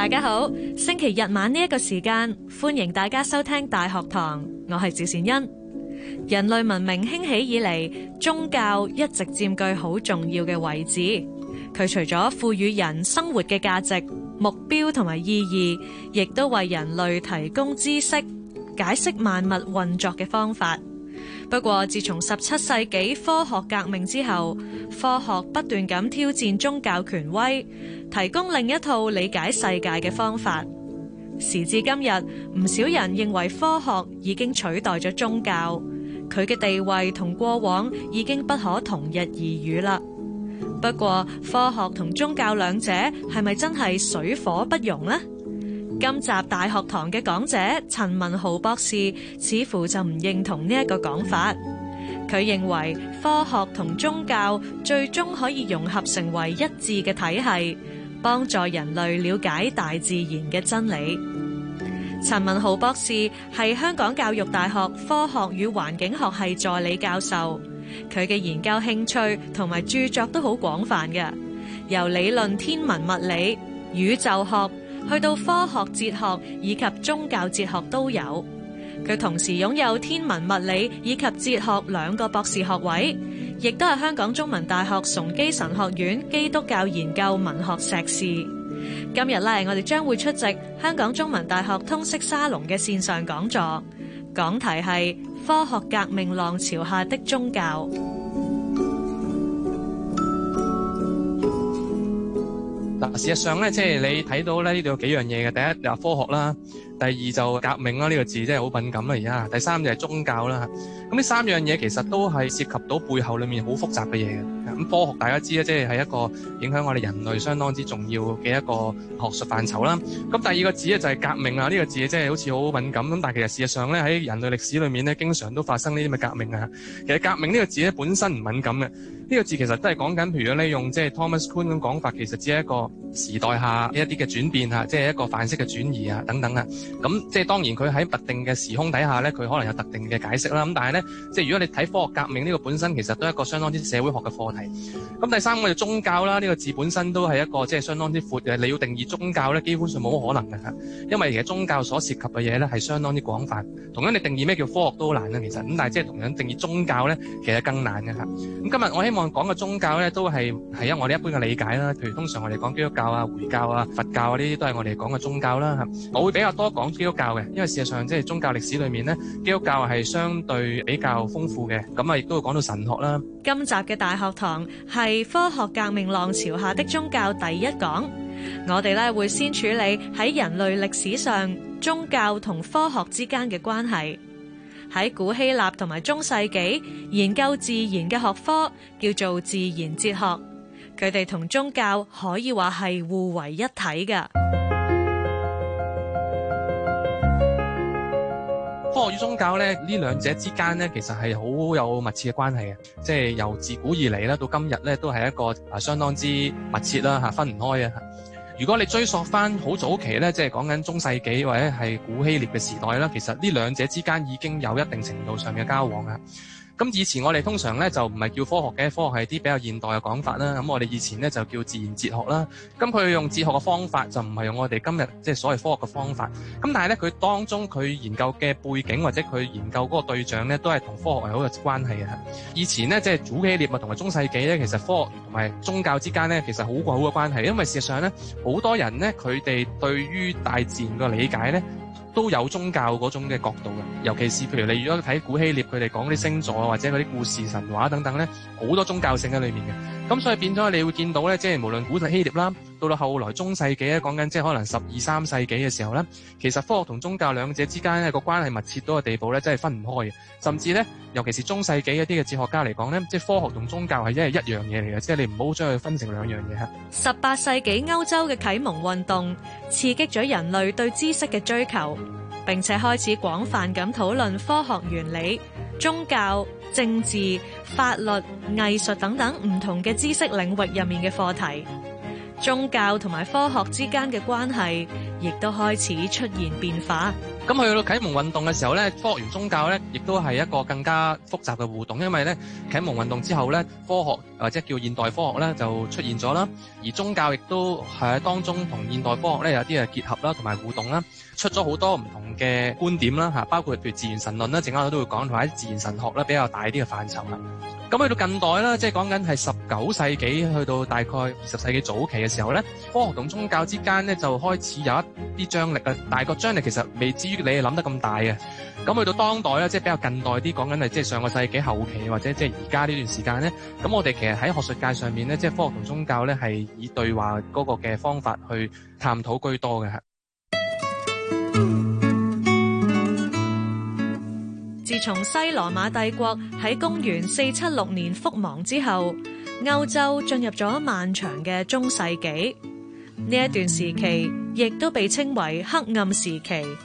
大家好，星期日晚呢一個時間，歡迎大家收聽大學堂。我係趙善恩。人類文明興起以嚟，宗教一直佔據好重要嘅位置。佢除咗賦予人生活嘅價值、目標同埋意義，亦都為人類提供知識，解釋萬物運作嘅方法。不過，自從十七世紀科學革命之後，科學不斷咁挑戰宗教權威，提供另一套理解世界嘅方法。時至今日，唔少人認為科學已經取代咗宗教，佢嘅地位同過往已經不可同日而語啦。不過，科學同宗教兩者係咪真係水火不容呢？今集大學堂嘅講者陳文豪博士似乎就唔認同呢一個講法。佢認為科學同宗教最終可以融合成為一致嘅體系，幫助人類了解大自然嘅真理。陳文豪博士係香港教育大學科學與環境學系助理教授，佢嘅研究興趣同埋著作都好廣泛嘅，由理論天文物理、宇宙學。去到科學、哲學以及宗教哲學都有佢，同時擁有天文、物理以及哲學兩個博士學位，亦都係香港中文大學崇基神學院基督教研究文學碩士。今日咧，我哋將會出席香港中文大學通識沙龍嘅線上講座講是，講題係科學革命浪潮下的宗教。事實上咧，即係你睇到咧，呢度有幾樣嘢嘅。第一就係科學啦，第二就係革命啦。呢個字真係好敏感啦，而家。第三就係宗教啦。咁呢三樣嘢其實都係涉及到背後裏面好複雜嘅嘢。咁科學大家知咧，即係係一個影響我哋人類相當之重要嘅一個學術範疇啦。咁第二個字咧就係革命啊。呢個字即係好似好敏感咁，但係其實事實上咧喺人類歷史裏面咧，經常都發生呢啲咁嘅革命啊。其實革命呢個字咧本身唔敏感嘅。呢個字其實都係講緊，譬如你用即係 Thomas Kuhn 咁講法，其實只係一個時代下一啲嘅轉變嚇，即係一個範式嘅轉移啊等等啊。咁即係當然佢喺特定嘅時空底下咧，佢可能有特定嘅解釋啦。咁但係咧，即係如果你睇科學革命呢個本身，其實都係一個相當之社會學嘅課題。咁第三個就宗教啦，呢、這個字本身都係一個即係相當之闊嘅。你要定義宗教咧，基本上冇可能嘅嚇，因為其實宗教所涉及嘅嘢咧係相當之廣泛。同樣你定義咩叫科學都難啊，其實咁，但係即係同樣定義宗教咧，其實更難嘅嚇。咁今日我希望。當然，講的宗教都是我哋一般理解，譬如通常我哋講基督教、回教、佛教，都是我哋講的宗教。我會比較多講基督教的，因為事實上，即係宗教歷史裏面，基督教是相對比較豐富的，咁我亦都會講到神學。今集的大學堂是科學革命浪潮下的宗教第一講。我哋會先處理喺人類歷史上宗教同科學之間的關係。喺古希臘同埋中世紀研究自然嘅學科叫做自然哲學，佢哋同宗教可以話係互為一體㗎。科學與宗教咧，呢兩者之間咧，其實係好有密切嘅關係嘅，即係由自古以嚟咧到今日咧，都係一個啊相當之密切啦吓，分唔開啊。如果你追溯翻好早期呢，即係講緊中世紀或者係古希臘嘅時代啦，其實呢兩者之間已經有一定程度上嘅交往。咁以前我哋通常呢，就唔係叫科學嘅，科學係啲比較現代嘅講法啦。咁我哋以前呢，就叫自然哲學啦。咁佢用哲學嘅方法，就唔係用我哋今日即係所謂科學嘅方法。咁但係呢，佢當中佢研究嘅背景或者佢研究嗰個對象呢，都係同科學有好嘅關係啊。以前呢，即係古希臘物同埋中世紀呢，其實科學同埋宗教之間呢，其實好過好嘅關係，因為事實上呢，好多人呢，佢哋對於大自然嘅理解呢。都有宗教嗰種嘅角度嘅，尤其是譬如你如果睇古希臘佢哋講啲星座或者嗰啲故事、神話等等呢，好多宗教性喺裏面嘅。咁所以變咗你會見到呢，即係無論古希臘啦。到到後來中世紀咧，講緊即係可能十二三世紀嘅時候咧，其實科學同宗教兩者之間咧個關係密切到嘅地步咧，真係分唔開嘅。甚至咧，尤其是中世紀一啲嘅哲學家嚟講咧，即係科學同宗教係真係一樣嘢嚟嘅，即係你唔好將佢分成兩樣嘢嚇。十八世紀歐洲嘅啟蒙運動刺激咗人類對知識嘅追求，並且開始廣泛咁討論科學原理、宗教、政治、法律、藝術等等唔同嘅知識領域入面嘅課題。宗教同埋科學之間嘅關係，亦都開始出現變化。咁去到啟蒙運動嘅時候咧，科學與宗教咧，亦都係一個更加複雜嘅互動，因為咧啟蒙運動之後咧，科學或者叫現代科學咧就出現咗啦，而宗教亦都喺當中同現代科學咧有啲嘅結合啦，同埋互動啦，出咗好多唔同嘅觀點啦，嚇，包括譬如自然神論啦，陣間都會講，同埋自然神學呢，比較大啲嘅範疇啦。咁去到近代啦，即係講緊係十九世紀去到大概二十世紀早期嘅時候咧，科學同宗教之間咧就開始有一啲張力啊，但係個張力其實未至於你諗得咁大嘅。咁去到當代咧，即係比較近代啲，講緊係即係上個世紀後期或者即係而家呢段時間咧。咁我哋其實喺學術界上面咧，即係科學同宗教咧係以對話嗰個嘅方法去探討居多嘅。自從西羅馬帝國喺公元四七六年覆亡之後，歐洲進入咗漫長嘅中世紀。呢一段時期亦都被稱為黑暗時期。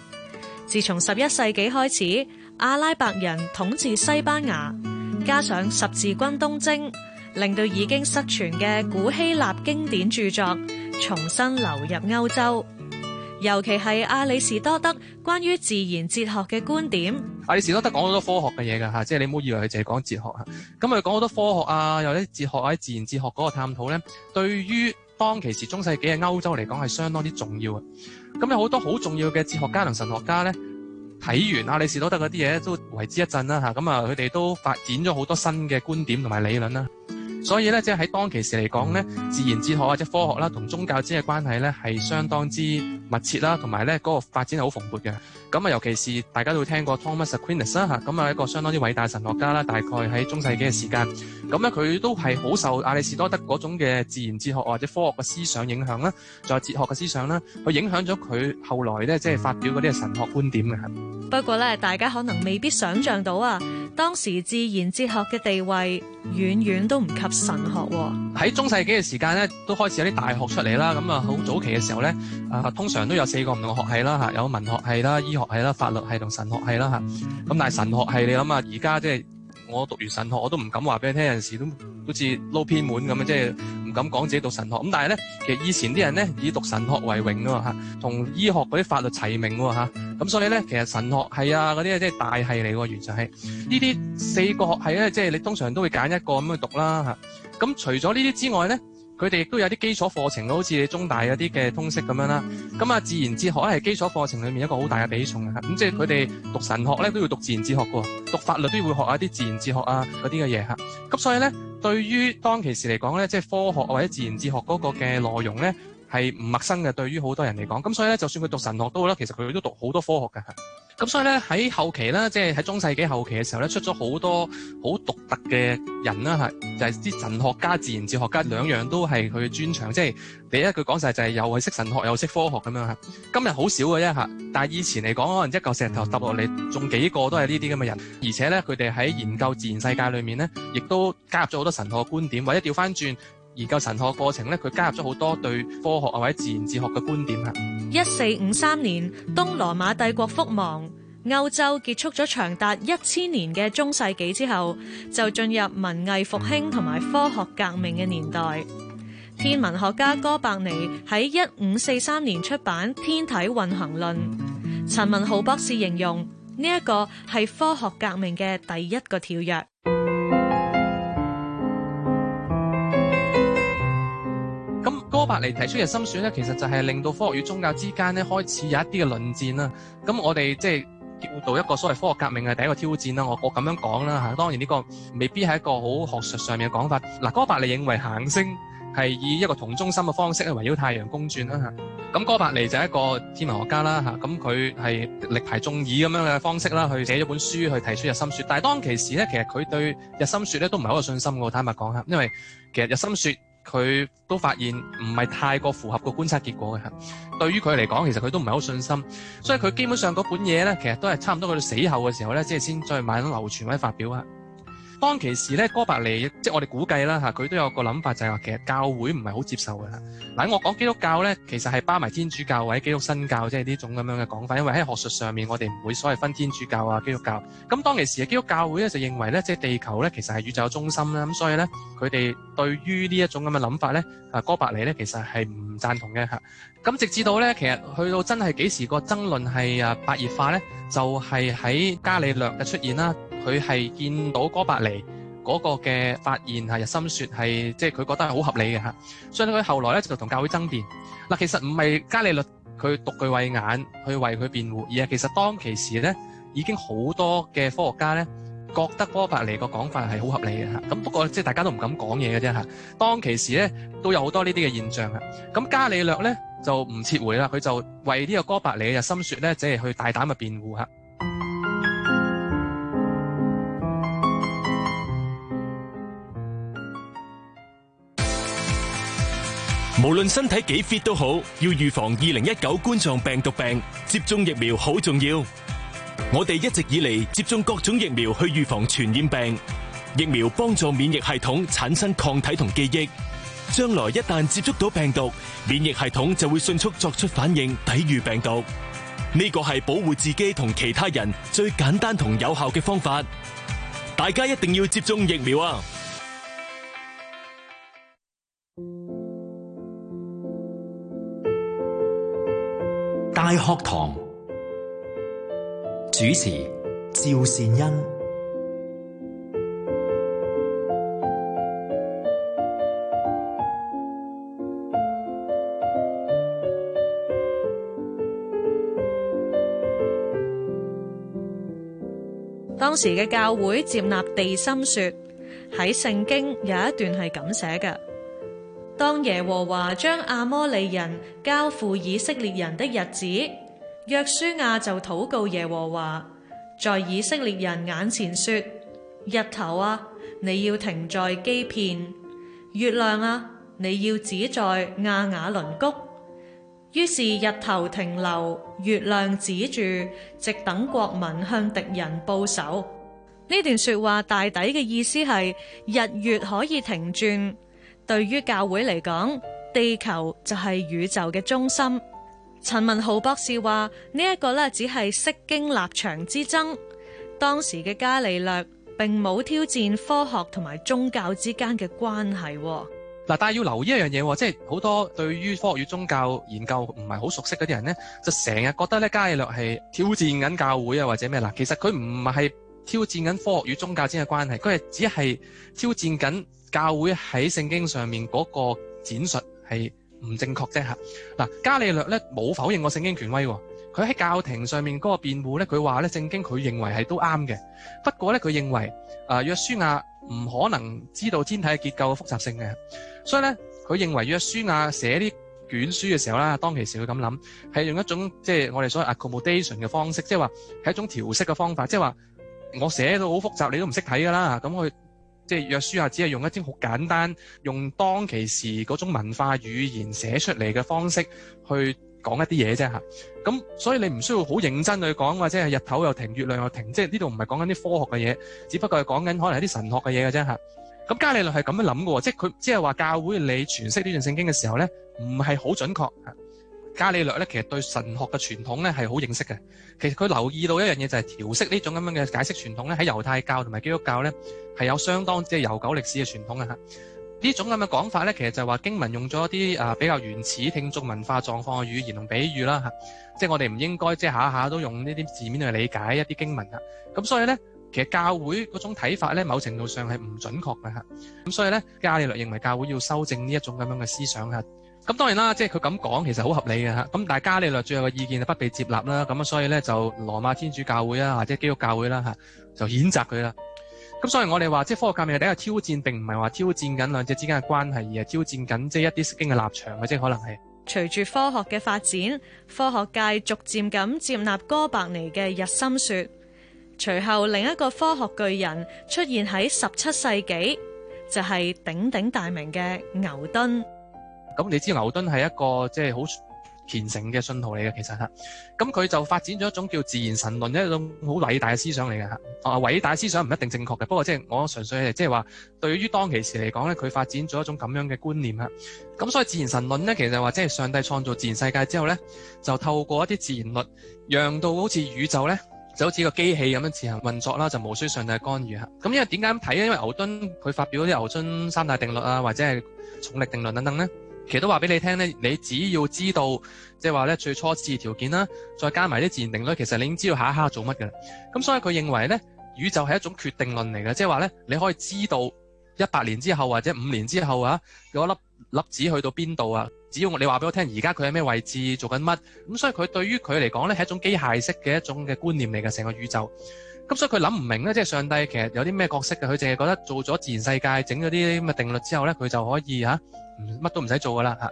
自從十一世紀開始，阿拉伯人統治西班牙，加上十字軍東征，令到已經失傳嘅古希臘經典著作重新流入歐洲。尤其係阿里士多德關於自然哲學嘅觀點。阿里士多德講好多科學嘅嘢噶吓，即係你唔好以為佢淨係講哲學。咁佢講好多科學啊，又或者哲學喺自然哲學嗰個探討咧，對於。當其時，中世紀嘅歐洲嚟講係相當之重要嘅，咁有好多好重要嘅哲學家同神學家咧，睇完亞里士多德嗰啲嘢都為之一振啦吓，咁啊佢哋都發展咗好多新嘅觀點同埋理論啦。所以咧，即係喺當其時嚟講咧，自然哲學或者科學啦，同宗教之間嘅關係咧，係相當之密切啦，同埋咧嗰個發展係好蓬勃嘅。咁啊，尤其是大家都會聽過 Thomas Aquinas 吓，咁啊一個相當之偉大神學家啦，大概喺中世紀嘅時間。咁咧，佢都係好受阿里斯多德嗰種嘅自然哲學或者科學嘅思想影響啦，仲有哲學嘅思想啦，佢影響咗佢後來咧，即係發表嗰啲神學觀點嘅。不過咧，大家可能未必想象到啊。當時自然哲學嘅地位遠遠都唔及神學喎、哦。喺中世紀嘅時間咧，都開始有啲大學出嚟啦。咁啊，好早期嘅時候咧，啊通常都有四個唔同嘅學系啦，吓有文學系啦、醫學系啦、法律系同神學系啦，吓咁。但係神學系你諗下，而家即係。我讀完神學，我都唔敢話俾你聽，有陣時都好似撈偏門咁，即係唔敢講自己讀神學。咁但係咧，其實以前啲人咧，以讀神學為榮啊！嚇，同醫學嗰啲法律齊名喎！嚇，咁所以咧，其實神學係啊嗰啲即係大系嚟喎，完全係呢啲四個學系咧，即係你通常都會揀一個咁去讀啦嚇，咁除咗呢啲之外咧。佢哋亦都有啲基礎課程好似你中大嗰啲嘅通識咁樣啦。咁啊，自然哲學係基礎課程裏面一個好大嘅比重嘅嚇。咁即係佢哋讀神學咧都要讀自然哲學喎，讀法律都要會學一啲自然哲學啊嗰啲嘅嘢嚇。咁所以咧，對於當其時嚟講咧，即係科學或者自然哲學嗰個嘅內容咧係唔陌生嘅。對於好多人嚟講，咁所以咧，就算佢讀神學都好啦，其實佢都讀好多科學嘅。咁所以咧，喺後期咧，即係喺中世紀後期嘅時候咧，出咗好多好獨特嘅人啦，就係吓，啲神學家、自然哲學家兩樣都係佢嘅專長，即係第一句講晒，就係又係識神學又識科學咁樣吓。今日好少嘅啫吓，但係以前嚟講，可能一嚿石頭揼落嚟仲幾個都係呢啲咁嘅人，而且咧佢哋喺研究自然世界裏面咧，亦都加入咗好多神學嘅觀點，或者調翻轉。研究神學過程咧，佢加入咗好多對科學或者自然哲學嘅觀點啊！一四五三年，東羅馬帝國覆亡，歐洲結束咗長達一千年嘅中世紀之後，就進入文藝復興同埋科學革命嘅年代。天文學家哥白尼喺一五四三年出版《天體運行論》，陳文豪博士形容呢一個係科學革命嘅第一個跳躍。咁哥白尼提出日心說咧，其實就係令到科學與宗教之間咧開始有一啲嘅論戰啦。咁我哋即係叫做一個所謂科學革命嘅第一個挑戰啦。我我咁樣講啦嚇，當然呢個未必係一個好學術上面嘅講法。嗱，哥白尼認為行星係以一個同中心嘅方式去圍繞太陽公轉啦嚇。咁哥白尼就係一個天文學家啦嚇，咁佢係力排眾議咁樣嘅方式啦，去寫咗本書去提出日心說。但係當其時咧，其實佢對日心說咧都唔係好有信心。我坦白講嚇，因為其實日心說。佢都發現唔係太過符合個觀察結果嘅嚇，對於佢嚟講，其實佢都唔係好信心，所以佢基本上嗰本嘢呢，其實都係差唔多佢到死後嘅時候呢，即係先再慢慢流傳或者發表。當其時咧，哥白尼即係我哋估計啦，吓佢都有個諗法，就係話其實教會唔係好接受嘅。嗱，我講基督教咧，其實係包埋天主教或者基督新教，即係呢種咁樣嘅講法。因為喺學術上面，我哋唔會所謂分天主教啊、基督教。咁當其時嘅基督教會咧，就認為咧，即係地球咧，其實係宇宙嘅中心啦。咁所以咧，佢哋對於呢一種咁嘅諗法咧，啊哥白尼咧，其實係唔贊同嘅吓。咁直至到咧，其實去到真係幾時個爭論係啊白熱化咧，就係喺加里略嘅出現啦。佢係見到哥白尼嗰個嘅發現係日心說，係即係佢覺得係好合理嘅嚇。所以佢後來咧就同教會爭辯。嗱，其實唔係伽利略佢獨具慧眼去為佢辯護，而係其實當其時咧已經好多嘅科學家咧覺得哥白尼個講法係好合理嘅嚇。咁不過即係大家都唔敢講嘢嘅啫嚇。當其時咧都有好多呢啲嘅現象啊。咁伽利略咧就唔撤回啦，佢就為呢個哥白尼嘅日心說咧，即係去大膽嘅辯護嚇。無論身體幾 fit 都好，要預防二零一九冠狀病毒病，接種疫苗好重要。我哋一直以嚟接種各種疫苗去預防傳染病，疫苗幫助免疫系統產生抗體同記憶，將來一旦接觸到病毒，免疫系統就會迅速作出反應抵禦病毒。呢個係保護自己同其他人最簡單同有效嘅方法，大家一定要接種疫苗啊！大學堂主持趙善恩，當時嘅教會接納地心說，喺聖經有一段係咁寫嘅。當耶和華將亞摩利人交付以色列人的日子，約書亞就禱告耶和華，在以色列人眼前說：日頭啊，你要停在基遍；月亮啊，你要止在亞雅倫谷。於是日頭停留，月亮止住，直等國民向敵人報仇。呢段說話大抵嘅意思係，日月可以停轉。對於教會嚟講，地球就係宇宙嘅中心。陳文豪博士話：呢、這、一個咧，只係釋經立場之爭。當時嘅伽利略並冇挑戰科學同埋宗教之間嘅關係。嗱，但係要留意一樣嘢，即係好多對於科學與宗教研究唔係好熟悉嗰啲人呢就成日覺得咧伽利略係挑戰緊教會啊，或者咩啦。其實佢唔係係挑戰緊科學與宗教之間嘅關係，佢係只係挑戰緊。教會喺聖經上面嗰個展述係唔正確啫嚇。嗱，加利略咧冇否認過聖經權威喎。佢喺教廷上面嗰個辯護咧，佢話咧聖經佢認為係都啱嘅。不過咧佢認為啊，約書亞唔可能知道天體嘅結構嘅複雜性嘅。所以咧佢認為約書亞寫啲卷書嘅時候咧，當其時佢咁諗係用一種即係我哋所謂 accommodation 嘅方式，即係話係一種調適嘅方法，即係話我寫到好複雜，你都唔識睇㗎啦。咁佢。即係約書亞只係用一啲好簡單，用當其時嗰種文化語言寫出嚟嘅方式去講一啲嘢啫嚇，咁所以你唔需要好認真去講，或者係日頭又停，月亮又停，即係呢度唔係講緊啲科學嘅嘢，只不過係講緊可能係啲神學嘅嘢嘅啫嚇，咁伽利略係咁樣諗喎，即係佢即係話教會你詮釋呢段聖經嘅時候咧，唔係好準確。伽利略咧，其實對神學嘅傳統咧係好認識嘅。其實佢留意到一樣嘢，就係調適呢種咁樣嘅解釋傳統咧，喺猶太教同埋基督教咧係有相當之悠久歷史嘅傳統嘅嚇。呢種咁嘅講法咧，其實就係話經文用咗一啲啊比較原始聽眾文化狀況嘅語言同比喻啦嚇。即係我哋唔應該即係下下都用呢啲字面去理解一啲經文嚇。咁所以咧，其實教會嗰種睇法咧，某程度上係唔準確嘅嚇。咁所以咧，伽利略認為教會要修正呢一種咁樣嘅思想嚇。咁當然啦，即係佢咁講，其實好合理嘅吓。咁但係伽利略最後嘅意見就不被接納啦。咁所以咧就羅馬天主教會啊，或者基督教會啦吓，就譴責佢啦。咁所以我哋話，即係科學革命第一個挑戰，並唔係話挑戰緊兩者之間嘅關係，而係挑戰緊即係一啲經嘅立場嘅，即係可能係隨住科學嘅發展，科學界逐漸咁接納哥白尼嘅日心說。隨後另一個科學巨人出現喺十七世紀，就係鼎鼎大名嘅牛頓。咁你知道牛頓係一個即係好虔誠嘅信徒嚟嘅，其實嚇咁佢就發展咗一種叫自然神論，一種好偉大嘅思想嚟嘅嚇。啊、呃，偉大思想唔一定正確嘅，不過即係我純粹係即係話對於當其時嚟講咧，佢發展咗一種咁樣嘅觀念嚇。咁所以自然神論咧，其實話即係上帝創造自然世界之後咧，就透過一啲自然律，讓到好似宇宙咧就好似個機器咁樣自行運作啦，就無需上帝嘅干預嚇。咁因為點解咁睇咧？因為牛頓佢發表嗰啲牛頓三大定律啊，或者係重力定律等等咧。其實都話俾你聽咧，你只要知道，即係話咧最初次條件啦，再加埋啲自然定律，其實你已經知道下一刻做乜啦。咁所以佢認為咧，宇宙係一種決定論嚟嘅，即係話咧你可以知道一百年之後或者五年之後啊，嗰粒粒子去到邊度啊？只要你話俾我聽，而家佢喺咩位置做緊乜？咁所以佢對於佢嚟講咧係一種機械式嘅一種嘅觀念嚟嘅，成個宇宙。咁所以佢諗唔明咧，即係上帝其實有啲咩角色嘅，佢淨係覺得做咗自然世界整咗啲咁嘅定律之後咧，佢就可以吓，乜都唔使做噶啦吓，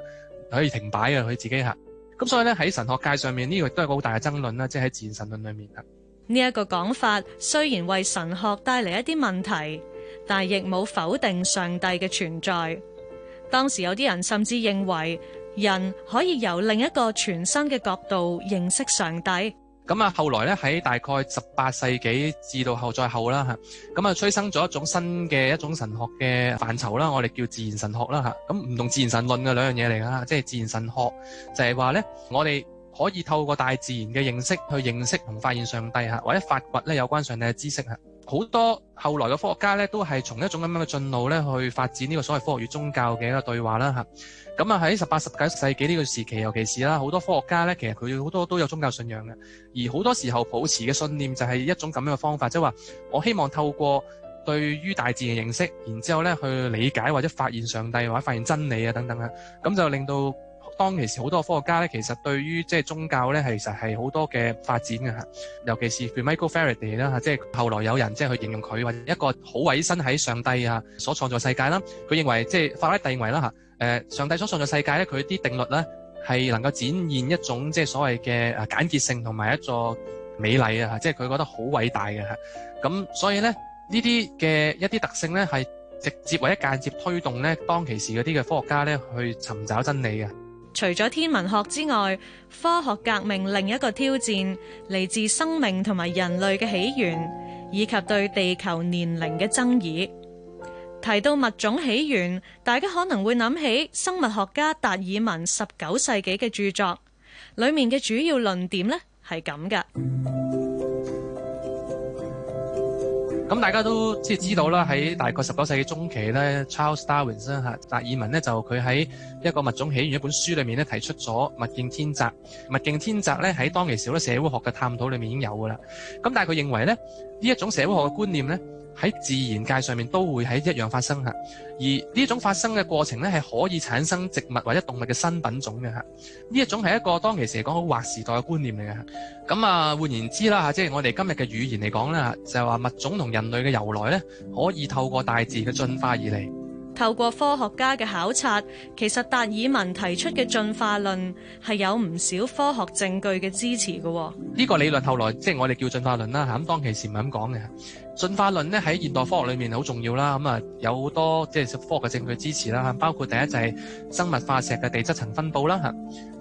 可以停擺嘅佢自己吓。咁所以咧喺神學界上面呢個亦都係個好大嘅爭論啦，即係喺自然神論裏面吓。呢一個講法雖然為神學帶嚟一啲問題，但亦冇否定上帝嘅存在。當時有啲人甚至認為人可以由另一個全新嘅角度認識上帝。咁啊，後來咧喺大概十八世紀至到後再後啦嚇，咁啊催生咗一種新嘅一種神學嘅範疇啦，我哋叫自然神學啦嚇。咁唔同自然神論嘅兩樣嘢嚟㗎，即係自然神學就係話咧，我哋可以透過大自然嘅認識去認識同發現上帝嚇，或者發掘咧有關上帝嘅知識嚇。好多後來嘅科學家咧都係從一種咁樣嘅進路咧去發展呢個所謂科學與宗教嘅一個對話啦嚇。咁啊！喺十八十九世紀呢個時期，尤其是啦，好多科學家咧，其實佢好多都有宗教信仰嘅。而好多時候保持嘅信念就係一種咁樣嘅方法，即係話我希望透過對於大自然認識，然之後咧去理解或者發現上帝或者發現真理啊等等啊。咁就令到當其時好多科學家咧，其實對於即係宗教咧，其實係好多嘅發展嘅嚇。尤其是對 Michael Faraday 啦嚇，即係後來有人即係去形容佢，或者一個好委身喺上帝啊所創造世界啦。佢認為即係法拉第認為啦嚇。誒，上帝所創造世界咧，佢啲定律咧，係能夠展現一種即係所謂嘅誒，簡潔性同埋一座美麗啊，即係佢覺得好偉大嘅吓。咁所以咧呢啲嘅一啲特性咧係直接或者間接推動咧當其時嗰啲嘅科學家咧去尋找真理嘅。除咗天文學之外，科學革命另一個挑戰嚟自生命同埋人類嘅起源，以及對地球年齡嘅爭議。提到物種起源，大家可能會諗起生物學家達爾文十九世紀嘅著作，裡面嘅主要論點呢係咁嘅。咁大家都即係知道啦，喺大概十九世紀中期呢 Charles Darwin，達爾文呢，就佢喺一個物種起源一本書裏面呢，提出咗物競天擇。物競天擇呢，喺當其時呢，社會學嘅探討裏面已經有噶啦。咁但係佢認為呢，呢一種社會學嘅觀念呢。喺自然界上面都會喺一樣發生嚇，而呢種發生嘅過程咧，係可以產生植物或者動物嘅新品種嘅嚇，呢一種係一個當其時嚟講好劃時代嘅觀念嚟嘅。咁啊，換言之啦嚇，即係我哋今日嘅語言嚟講咧，就係話物種同人類嘅由來咧，可以透過大自然嘅進化而嚟。透過科學家嘅考察，其實達爾文提出嘅進化論係有唔少科學證據嘅支持嘅。呢個理論後來即係、就是、我哋叫進化論啦，嚇咁當其時唔係咁講嘅。進化論咧喺現代科學裏面好重要啦，咁啊有好多即係科學嘅證據支持啦，包括第一就係生物化石嘅地質層分布啦，嚇；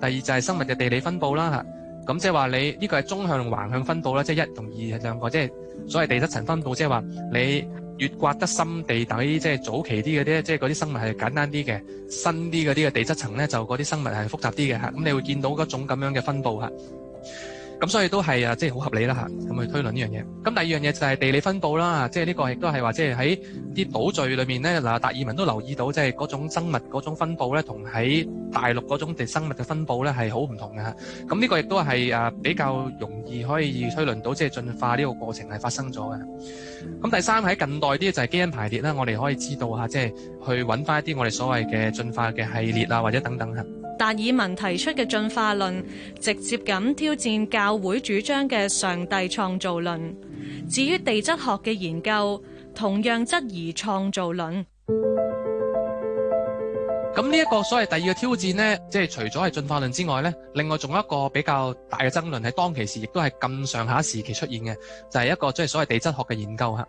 第二就係生物嘅地理分布啦，嚇。咁即係話你呢個係縱向、橫向分布啦，即、就、係、是、一同二兩個即係。所謂地質層分布，即係話，你越刮得深，地底即係早期啲嗰啲，即係嗰啲生物係簡單啲嘅，新啲嗰啲嘅地質層咧，就嗰啲生物係複雜啲嘅，咁你會見到嗰種咁樣嘅分布。咁所以都係啊，即係好合理啦吓，咁去推論呢樣嘢。咁第二樣嘢就係地理分布啦，即係呢個亦都係話，即係喺啲島嶼裏面咧，嗱達爾文都留意到，即係嗰種生物嗰種分布咧，同喺大陸嗰種地生物嘅分布咧係好唔同嘅吓。咁呢個亦都係啊，比較容易可以推論到，即係進化呢個過程係發生咗嘅。咁第三喺近代啲就係基因排列啦，我哋可以知道吓，即係去揾翻一啲我哋所謂嘅進化嘅系列啊，或者等等吓。達爾文提出嘅進化論直接咁挑戰教會主張嘅上帝創造論。至於地質學嘅研究，同樣質疑創造論。咁呢一個所謂第二個挑戰咧，即係除咗係進化論之外咧，另外仲有一個比較大嘅爭論喺當其時亦都係咁上下時期出現嘅，就係、是、一個即係所謂地質學嘅研究吓。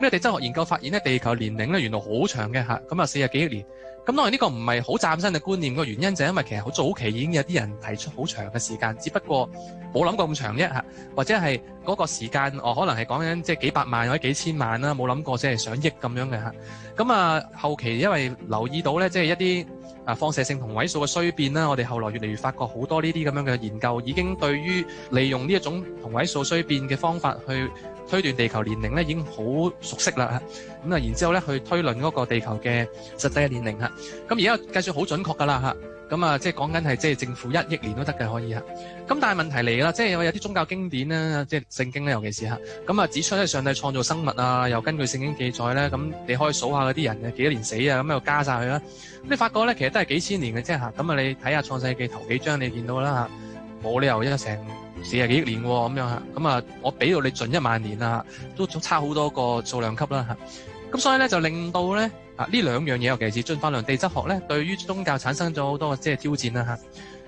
咩地質學研究發現咧？地球年齡咧，原來好長嘅吓，咁啊四十幾億年。咁當然呢個唔係好嶄新嘅觀念，個原因就係因為其實好早期已經有啲人提出好長嘅時間，只不過冇諗過咁長啫吓，或者係嗰個時間哦，可能係講緊即係幾百萬或者幾千萬啦，冇諗過即係上億咁樣嘅吓。咁啊後期因為留意到咧，即係一啲啊放射性同位素嘅衰變啦，我哋後來越嚟越發覺好多呢啲咁樣嘅研究，已經對於利用呢一種同位素衰變嘅方法去。推斷地球年齡咧，已經好熟悉啦。咁啊然之後咧，去推論嗰個地球嘅實際嘅年齡，咁而家計算好準確噶啦，咁啊即係講緊係即係正負一億年都得嘅，可以咁。但係問題嚟啦，即係有有啲宗教經典咧，即係聖經咧，尤其是咁啊指出咧，上帝創造生物啊，又根據聖經記載咧，咁你可以數下嗰啲人幾多年死啊，咁又加晒佢啦，你發覺咧其實都係幾千年嘅啫嚇，咁啊你睇下創世紀頭幾章你見到啦嚇，冇理由一成。四十幾億年咁樣吓，咁啊，我俾到你進一萬年啊，都差好多個數量級啦吓。咁所以咧就令到咧啊呢兩樣嘢，尤其是進化論、地質學咧，對於宗教產生咗好多嘅即係挑戰啦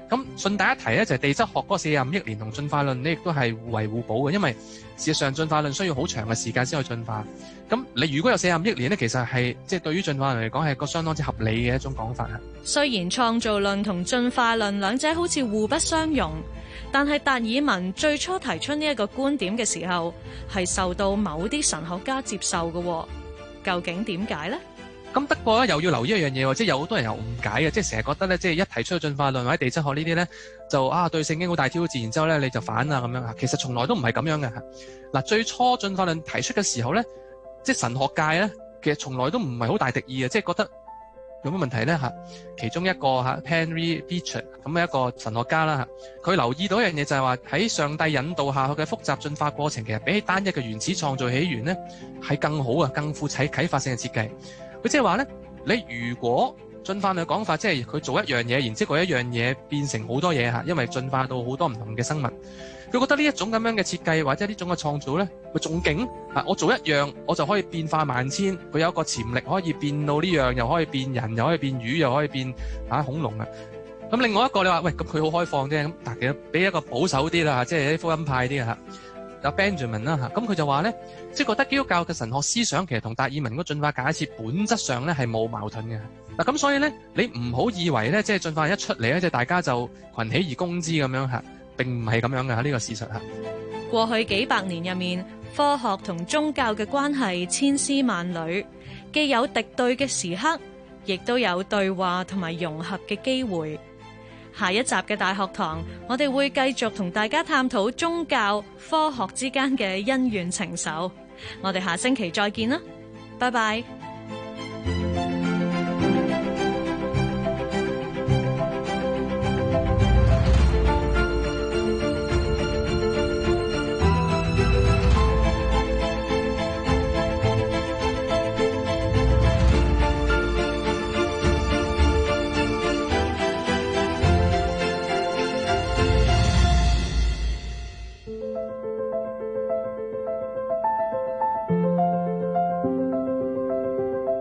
吓。咁順帶一提咧，就係、是、地質學嗰四十五億年同進化論，咧亦都係互為互補嘅，因為事實上進化論需要好長嘅時間先可以進化。咁你如果有四十五億年咧，其實係即係對於進化論嚟講係個相當之合理嘅一種講法啊。雖然創造論同進化論兩者好似互不相容，但係達爾文最初提出呢一個觀點嘅時候，係受到某啲神學家接受嘅，究竟點解咧？咁德國咧，又要留意一樣嘢，即係有好多人有誤解嘅，即係成日覺得咧，即係一提出進化論或者地質學呢啲咧，就啊對聖經好大挑戰，然之後咧你就反啊咁樣啊，其實從來都唔係咁樣嘅。嗱，最初進化論提出嘅時候咧，即係神學界咧，其實從來都唔係好大敵意嘅，即係覺得。有乜問題咧？其中一個嚇 Henry Beecher 咁、er, 嘅一個神學家啦，佢留意到一樣嘢，就係話喺上帝引導下，佢嘅複雜進化過程，其實比起單一嘅原始創造起源咧係更好啊，更富啟啟發性嘅設計。佢即係話咧，你如果進化嘅講法，即係佢做一樣嘢，然之佢一樣嘢變成好多嘢，因為進化到好多唔同嘅生物。佢覺得呢一種咁樣嘅設計，或者呢種嘅創造呢，咪仲勁？我做一樣，我就可以變化萬千。佢有一個潛力可以變到呢樣，又可以變人，又可以變魚，又可以變啊恐龍啊！咁另外一個你話喂，咁佢好開放啫，咁但其實俾一個保守啲啦，即係啲福音派啲嚇。有 Benjamin 啦嚇，咁佢就話咧，即係覺得基督教嘅神學思想其實同達爾文嗰個進化解釋本質上咧係冇矛盾嘅。嗱咁所以咧，你唔好以為咧，即係進化一出嚟咧，就大家就群起而攻之咁樣嚇，並唔係咁樣嘅嚇，呢個事實嚇。過去幾百年入面，科學同宗教嘅關係千絲萬縷，既有敵對嘅時刻，亦都有對話同埋融合嘅機會。下一集嘅大學堂，我哋會繼續同大家探討宗教、科學之間嘅恩怨情仇。我哋下星期再見啦，拜拜。